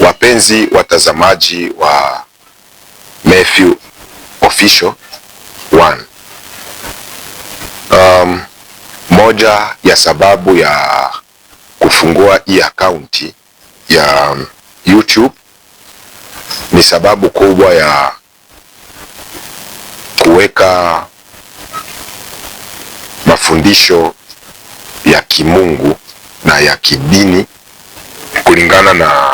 Wapenzi watazamaji wa Mathew Official One. um, moja ya sababu ya kufungua hii akaunti ya um, YouTube ni sababu kubwa ya kuweka mafundisho ya kimungu na ya kidini kulingana na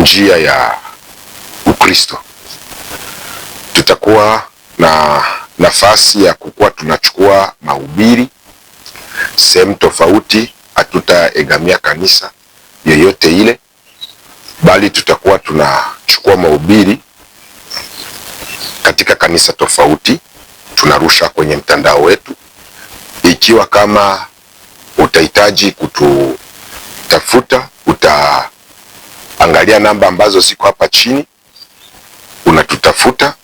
njia ya Ukristo, tutakuwa na nafasi ya kukuwa tunachukua mahubiri sehemu tofauti. Hatutaegamia kanisa yoyote ile, bali tutakuwa tunachukua mahubiri katika kanisa tofauti, tunarusha kwenye mtandao wetu. Ikiwa kama utahitaji kututafuta uta angalia namba ambazo ziko hapa chini, unatutafuta.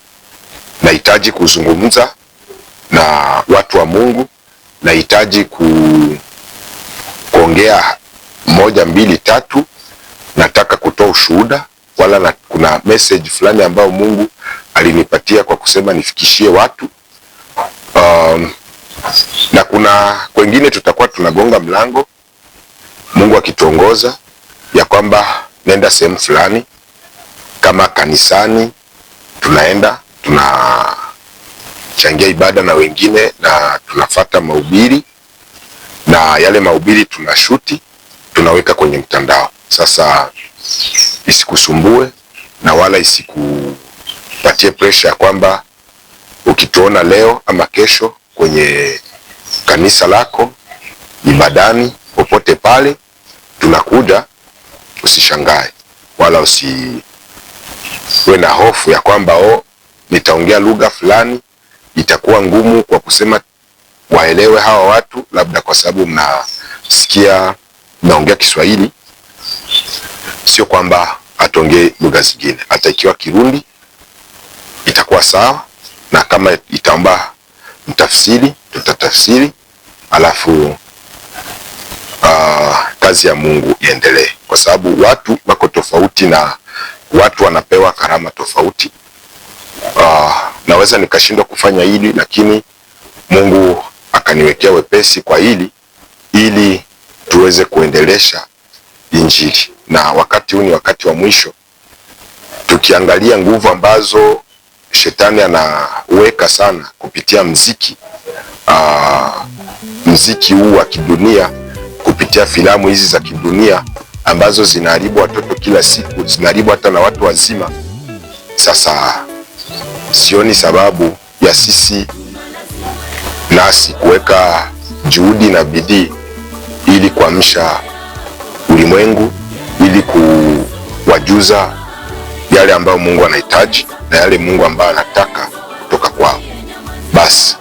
Nahitaji kuzungumza na watu wa Mungu, nahitaji ku, kuongea moja mbili tatu, nataka kutoa ushuhuda wala na, kuna message fulani ambayo Mungu alinipatia kwa kusema nifikishie watu um, na kuna kwengine tutakuwa tunagonga mlango Mungu akituongoza ya kwamba naenda sehemu fulani, kama kanisani, tunaenda tunachangia ibada na wengine na tunafata mahubiri na yale mahubiri tunashuti tunaweka kwenye mtandao. Sasa isikusumbue na wala isikupatie presha ya kwamba ukituona leo ama kesho kwenye kanisa lako ibadani popote pale, tunakuja usishangae wala uwe na hofu ya kwamba oh, nitaongea lugha fulani itakuwa ngumu kwa kusema waelewe hawa watu, labda kwa sababu mnasikia mnaongea Kiswahili. Sio kwamba atongee lugha zingine, hata ikiwa Kirundi itakuwa sawa, na kama itaomba mtafsiri tutatafsiri, alafu kazi ya Mungu iendelee, kwa sababu watu wako tofauti na watu wanapewa karama tofauti. Uh, naweza nikashindwa kufanya hili, lakini Mungu akaniwekea wepesi kwa hili ili tuweze kuendelesha Injili, na wakati huu ni wakati wa mwisho. Tukiangalia nguvu ambazo shetani anaweka sana kupitia mziki, uh, mziki huu wa kidunia kupitia filamu hizi za kidunia ambazo zinaharibu watoto kila siku, zinaharibu hata na watu wazima. Sasa sioni sababu ya sisi nasi kuweka juhudi na bidii ili kuamsha ulimwengu ili kuwajuza yale ambayo Mungu anahitaji na yale Mungu ambayo anataka kutoka kwao. Basi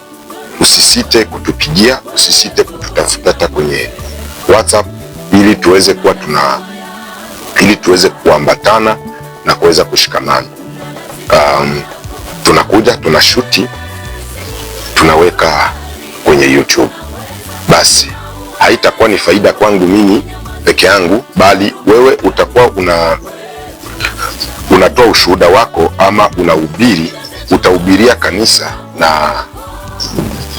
usisite kutupigia, usisite kututafuta hata kwenye WhatsApp ili tuweze kuwa tuna ili tuweze kuambatana na kuweza kushikamana. Um, tunakuja shuti tunaweka kwenye YouTube, basi haitakuwa ni faida kwangu mimi peke yangu, bali wewe utakuwa una unatoa ushuhuda wako ama unahubiri, utahubiria kanisa na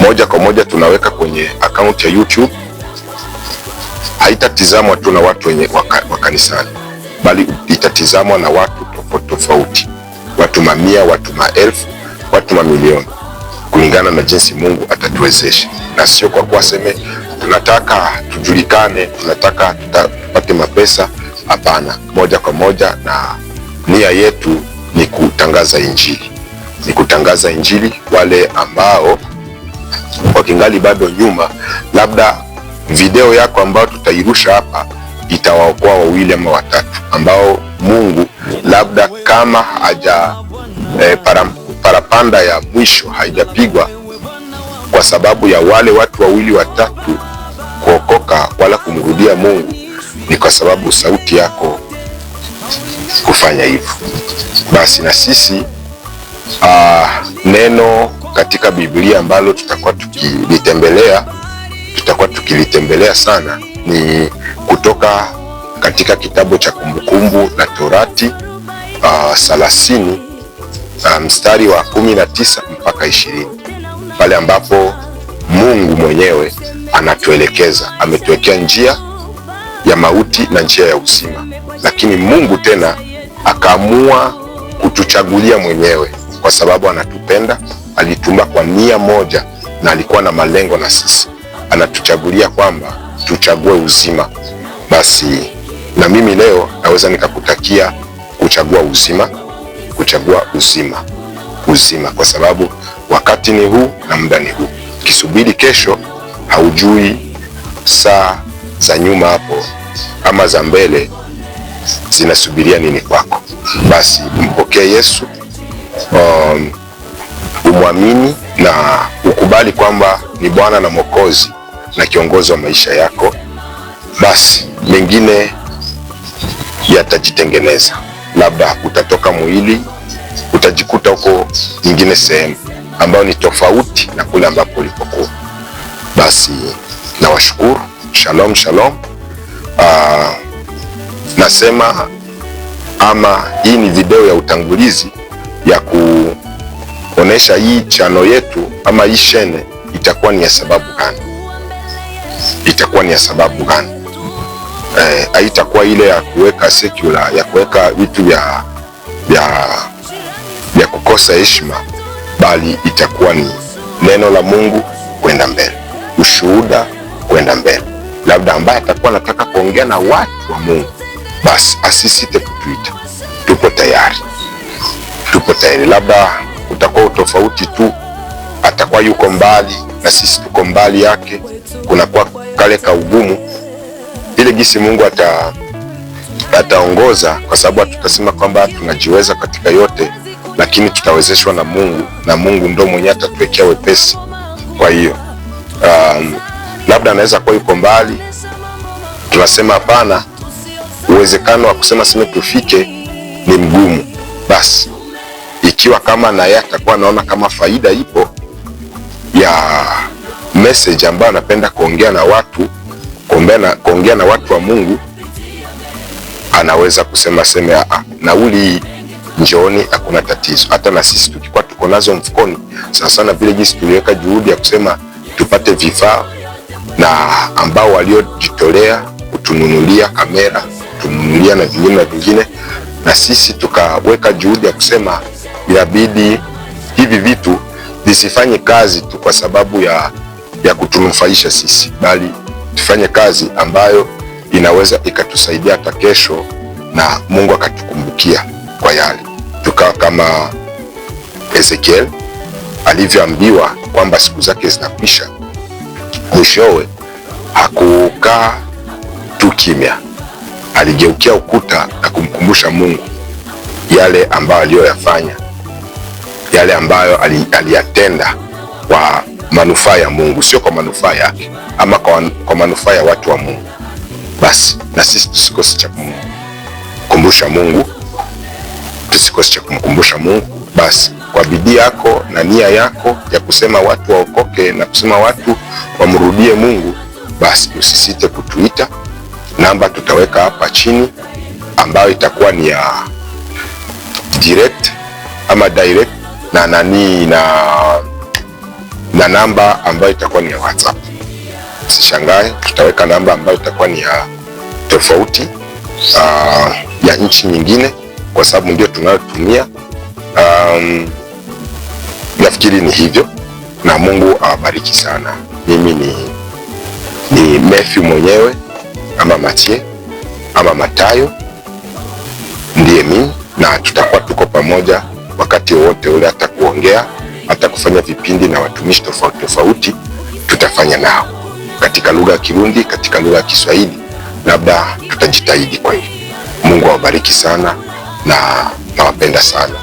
moja kwa moja tunaweka kwenye akaunti ya YouTube haitatizamwa tu na watu wenye wa kanisani, bali itatizamwa na watu tofauti tofauti, watu mamia, watu maelfu, watu mamilioni, kulingana na jinsi Mungu atatuwezesha, na sio kwa kuwa seme tunataka tujulikane, tunataka tupate mapesa. Hapana, moja kwa moja, na nia yetu ni kutangaza Injili, ni kutangaza Injili wale ambao wakingali bado nyuma, labda video yako ambayo tutairusha hapa itawaokoa wawili ama watatu ambao Mungu labda kama haja eh, para, parapanda ya mwisho haijapigwa kwa sababu ya wale watu wawili watatu kuokoka wala kumrudia Mungu, ni kwa sababu sauti yako kufanya hivyo. Basi na sisi uh, neno katika Biblia ambalo tutakuwa tukilitembelea tutakuwa tukilitembelea sana ni kutoka katika kitabu cha Kumbukumbu la Torati uh, thelathini uh, mstari wa kumi na tisa mpaka ishirini pale ambapo Mungu mwenyewe anatuelekeza, ametuwekea njia ya mauti na njia ya uzima, lakini Mungu tena akaamua kutuchagulia mwenyewe, kwa sababu anatupenda, alituumba kwa nia moja na alikuwa na malengo na sisi anatuchagulia kwamba tuchague uzima, basi na mimi leo naweza nikakutakia kuchagua uzima, kuchagua uzima, uzima, kwa sababu wakati ni huu na muda ni huu. Kisubiri kesho, haujui saa za nyuma hapo ama za mbele zinasubiria nini kwako. Basi mpokee Yesu, um, umwamini na ukubali kwamba ni Bwana na Mwokozi na kiongozi wa maisha yako, basi mengine yatajitengeneza. Labda utatoka mwili utajikuta huko nyingine sehemu ambayo ni tofauti na kule ambapo ulipokuwa. Basi nawashukuru, shalom shalom. Aa, ah, nasema ama hii ni video ya utangulizi ya kuonesha hii chano yetu ama hii shene itakuwa ni ya sababu gani itakuwa ni ya sababu gani? Eh, ile ya kuweka secular ya kuweka vitu vya vya vya kukosa heshima, bali itakuwa ni neno la Mungu kwenda mbele, ushuhuda kwenda mbele. Labda ambaye atakuwa anataka kuongea na watu wa Mungu, basi asisite kutuita, tupo tayari, tupo tayari. Labda utakuwa utofauti tu, atakuwa yuko mbali na sisi tuko mbali yake kunakuwa kale ka ugumu ile gisi Mungu ata ataongoza kwa sababu tutasema kwamba tunajiweza katika yote, lakini tutawezeshwa na Mungu, na Mungu ndo mwenye atatuwekea wepesi. Kwa hiyo um, labda anaweza kuwa yuko mbali, tunasema hapana, uwezekano wa kusema sime tufike ni mgumu. Basi ikiwa kama naye atakuwa anaona kama faida ipo ya message ambayo anapenda kuongea na watu, kuongea na watu wa Mungu, anaweza kusema seme, ah, ah, nauli njooni, hakuna tatizo. Hata na sisi tukikuwa tuko nazo mfukoni sana sana, vile jinsi tuliweka juhudi ya kusema tupate vifaa na ambao waliojitolea kutununulia kamera, kutununulia na vingine na vingine, na sisi tukaweka juhudi ya kusema inabidi hivi vitu visifanye kazi tu kwa sababu ya ya kutunufaisha sisi, bali tufanye kazi ambayo inaweza ikatusaidia hata kesho na Mungu akatukumbukia kwa yale, tukawa kama Ezekiel alivyoambiwa kwamba siku zake zinakwisha. Mwishowe hakukaa tu kimya, aligeukia ukuta na kumkumbusha Mungu yale ambayo aliyoyafanya, yale ambayo aliyatenda kwa manufaa ya Mungu, sio kwa manufaa yake ama kwa, kwa manufaa ya watu wa Mungu. Basi na sisi tusikose cha kumkumbusha Mungu, tusikose cha kumkumbusha Mungu. Basi kwa bidii yako na nia yako ya kusema watu waokoke na kusema watu wamrudie Mungu, basi usisite kutuita. Namba tutaweka hapa chini ambayo itakuwa ni ya direct ama direct na nani na na namba ambayo itakuwa ni ya WhatsApp. Sishangae tutaweka namba ambayo itakuwa ni ya tofauti uh, ya nchi nyingine kwa sababu ndio tunayotumia. Um, nafikiri ni hivyo, na Mungu awabariki sana. Mimi ni, ni Matthew mwenyewe ama Matie ama Matayo ndiye mimi, na tutakuwa tuko pamoja wakati wowote ule, hata kuongea hata kufanya vipindi na watumishi tofauti tofauti tutafanya nao katika lugha ya Kirundi, katika lugha ya Kiswahili, labda tutajitahidi. Kwa hiyo Mungu awabariki sana na nawapenda sana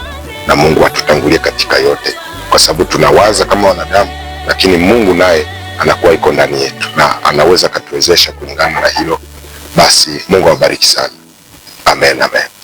na Mungu atutangulie katika yote, kwa sababu tunawaza kama wanadamu, lakini Mungu naye anakuwa iko ndani yetu na anaweza akatuwezesha kulingana na hilo. Basi Mungu awabariki sana. Amen, amen.